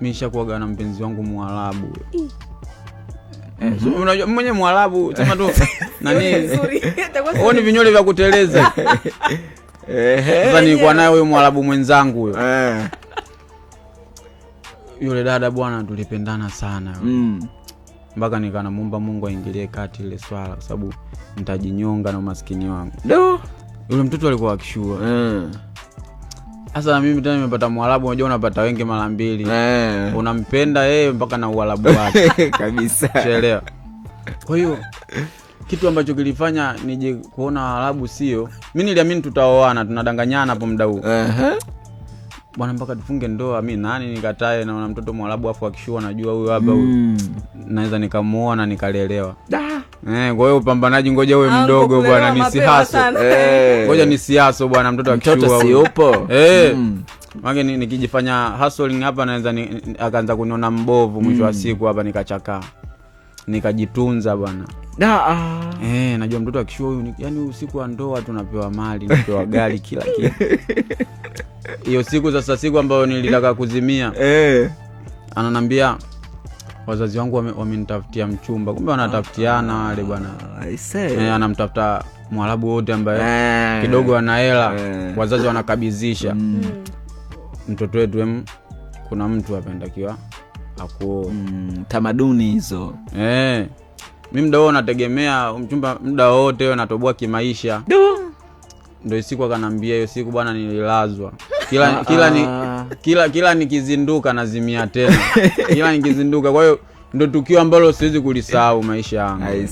nishakuaga na mpenzi wangu Mwarabu. Eh, so, unajua mwenye Mwarabu sema tu nani wewe ni vinywele vya kuteleza. Sasa nilikuwa naye huyo Mwarabu mwenzangu huyo. Eh. Yule dada bwana, tulipendana sana mm. mpaka mm. Nikanamuomba Mungu aingilie kati ile swala, kwa sababu nitajinyonga na umaskini wangu. Yule mtoto alikuwa akishua mm hasa na mimi tena nimepata Mwarabu, unajua unapata wengi mara mbili eh. Unampenda yeye mpaka na Uarabu wake kabisa, chelewa. Kwa hiyo kitu ambacho kilifanya nije kuona Waarabu sio, mi niliamini tutaoana, tunadanganyana hapo mda huu uh -huh. Bwana, mpaka tufunge ndoa, mi nani nikatae? Naona mtoto Mwarabu afu akishua, najua huyu hapa mm. naweza nikamuona nikalelewa da. Eh, kwa hiyo upambanaji ngoja uwe ah, mdogo bwana, ni Eh. Ngoja nisihaso bwana, mtoto akichua. Mtoto si upo. Eh. Mm. ni nikijifanya hustling hapa naweza akaanza kuniona mbovu mwisho mm. wa siku hapa nikachakaa. Nikajitunza bwana. Ah. Eh, najua mtoto akishua huyu yani usiku wa ndoa tunapewa mali, tunapewa gari kila kitu. Hiyo siku sasa siku ambayo nilitaka kuzimia. Eh. Ananambia wazazi wangu wamenitafutia wame mchumba, kumbe wanatafutiana wale bwana eh, anamtafuta mwarabu wote ambaye eh. kidogo anahela eh. wazazi wanakabizisha mm. mm. mtoto wetu, kuna mtu apendakiwa anatakiwa mm, tamaduni hizo mi mda huo nategemea mchumba mda wote natoboa kimaisha, ndo isiku akanambia, hiyo siku bwana nililazwa hmm kila, uh kila, ni, ah. kila, kila nikizinduka nazimia tena kila nikizinduka. Kwa hiyo ndo tukio ambalo siwezi kulisahau maisha yangu.